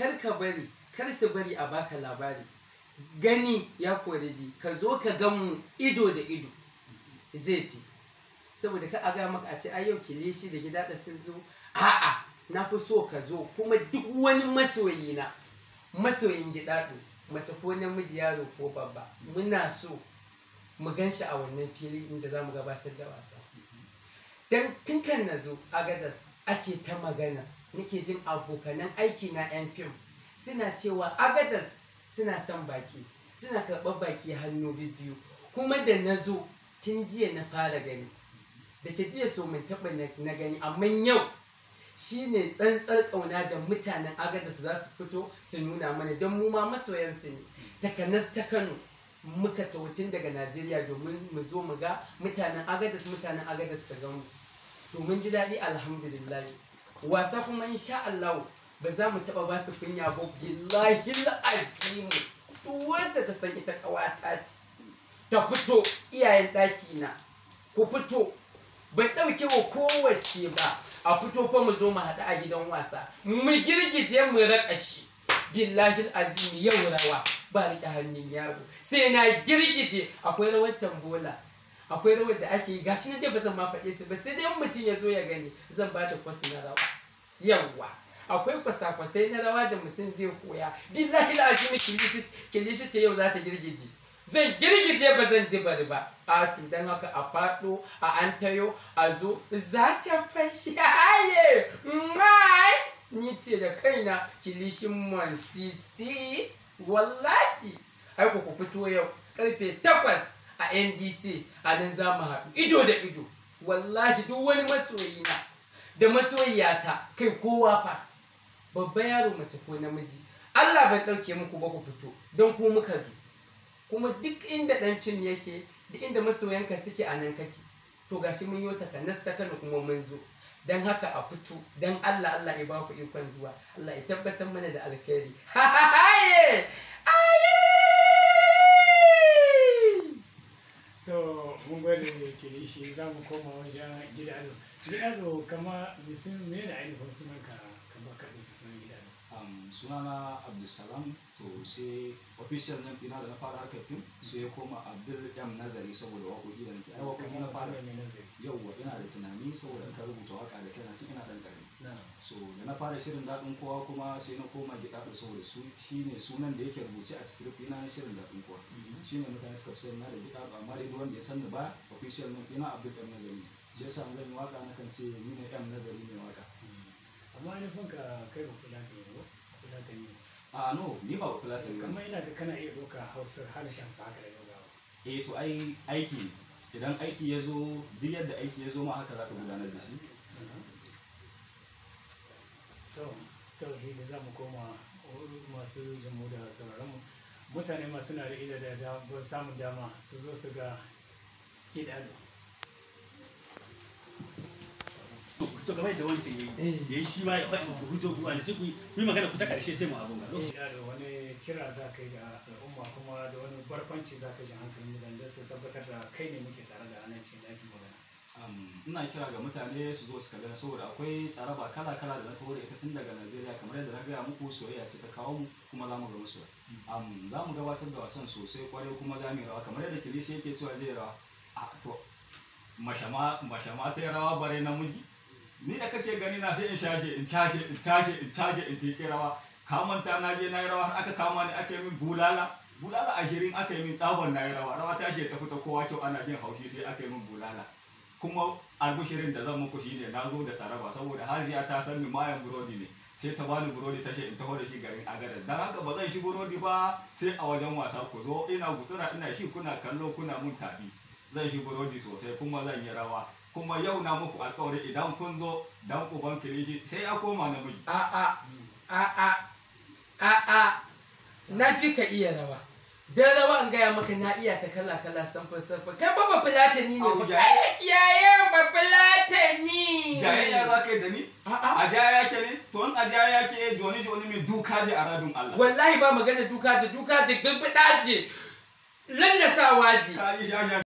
kar ka bari kar su bari a baka labari gani ya kori ji ka zo ka gan mu ido da ido zai fi saboda ka aga maka a ce a yau shi da gida da sun zo a'a na fi so ka zo kuma duk wani masoyi na masoyin ɗo mace ko namiji yaro ko babba muna so mu gan shi a wannan filin inda za mu gabatar da wasa don tun kan na zo a gadas ake ta magana nake jin abokanan aiki na yan fim suna cewa agadas suna son baki suna karɓar baki hannu biyu kuma da na zo tun jiya na fara gani da ke jiya so mun taɓa na gani amma yau shi ne tsantsar ƙauna da mutanen agadas za su fito su nuna mana don mu ma masoyansu ne takanas ta kano muka tawatin daga najeriya domin mu zo mu ga mutanen agadas mutanen agadas ta gamu to mun ji daɗi alhamdulillah wasa kuma insha Allah ba za mu taɓa ba su kunya ba billahi azimu duk ta san ita kawata ce ta fito iyayen ɗaki na ku fito ban ɗauke wa kowace ba a fito fa mu zo mu haɗu a gidan wasa mu girgije mu raƙa shi billahi azimi yau rawa ba riƙe hannun yaro sai na girgije akwai rawar tambola akwai rawar da ake yi gashi na dai ba zan ma faɗe su ba sai dai mutum ya zo ya gani zan ba da kwasu na rawa yawwa akwai kwasa-kwasai na rawa da mutum zai koya billahi al'azimi kilishi ce yau za ta girgije zan girgije ba zan ji bari ba a to dan haka a faɗo a antayo a zo za ta fashi aye mai ni ce da kaina kilishin sisi. wallahi ai ku fito yau karfe takwas a ndc a nan za mu haɗu ido da ido wallahi duk wani masoyina da masoyiyata kai kowa fa babba yaro mace ko namiji allah bai ɗauke muku ba ku fito don ku muka zo kuma duk inda ɗan fim yake duk inda masoyanka suke a nan kake to gashi mun yi takanas ta kano kuma mun zo don haka a fito don allah allah ya ba ku ikon zuwa allah ya tabbatar mana da alkhairi koma wajen gidado gidado kama bisin mene ainihin sunanka abubakar ne sunan gida ne sunana abdulsalam to sai official nan ina da na fara harkar fim sai ya koma abdul yam nazari saboda waƙoƙi da nake ai kuma na fara yauwa ina da tunani saboda in ka rubuta waƙa da kana cikin ina ɗan ƙarami so da na fara shirin daɗin kowa kuma sai na koma gida da saboda su shine sunan da yake rubuce a script ina na shirin daɗin kowa shine mutane suka fi na da gida amma dai wanda ya sanni ba official nan ina abdul yam nazari shi samu zan yi waƙa na kan ce ni ne yam nazari ne waƙa amma ni fanka kai ba kula ta kula ta a no ni ba kula ta kamar da kana iya doka hausar harshen sa haka da gaugawa eh to ai aiki idan aiki ya zo duk yadda aiki ya zo ma haka zaka gudanar da shi to to shi da za mu koma masu jimu da sauraronmu mutane masu na da ida da samun dama su zo su ga kiɗa to game da wancan yayi yayi shi ma ya faɗi ku huto ku ne sai ku yi magana ku ta ƙarshe sai mu abun ga lokaci da wani kira za ka yi ga al'umma kuma da wani barkwanci za ka ji hankalin mutane don su tabbatar da kai ne muke tare da anan cikin ɗakin magana ina kira ga mutane su zo su kalli na saboda akwai tsaraba kala kala da na taho da ita tun daga Najeriya kamar yadda na gaya muku soyayya ce ta kawo mu kuma za mu ga musu za mu gabatar da wasan sosai kwarai kuma za mu yi rawa kamar yadda kilisi yake cewa zai rawa a to mashama mashama ta rawa bare namiji ni da kake gani na sai in shashe in shashe in shashe in shashe in rawa ka manta na je na yi rawa aka kama ni aka yi min bulala bulala a shirin aka yi min tsabon na yi rawa rawa ta shi ta fita kowa kyau ana jin haushi sai aka yi min bulala kuma albushirin da zan muku shi ne na zo da taraba saboda haziya ta san ni mayan burodi ne sai ta bani burodi ta in taho da shi garin agadar Dan haka ba zan shi burodi ba sai a wajen wasa ku zo ina gutsura ina shi kuna kallo kuna mun tafi zan shi burodi sosai kuma zan yi rawa kuma yau na muku alkawari idan kun zo dan uban kiriji sai ya koma miji a a a a a a na fi ka iya rawa da rawa an gaya maka na iya ta kala kala sanfar sanfar kai ba filatani ne ba kai da kiyaye bafulatani jayayya za ka yi da ni a jaya ke ne to in a jaya ke joni joni mai duka je a radun Allah wallahi ba magana duka je duka je bibbida je lallasawa je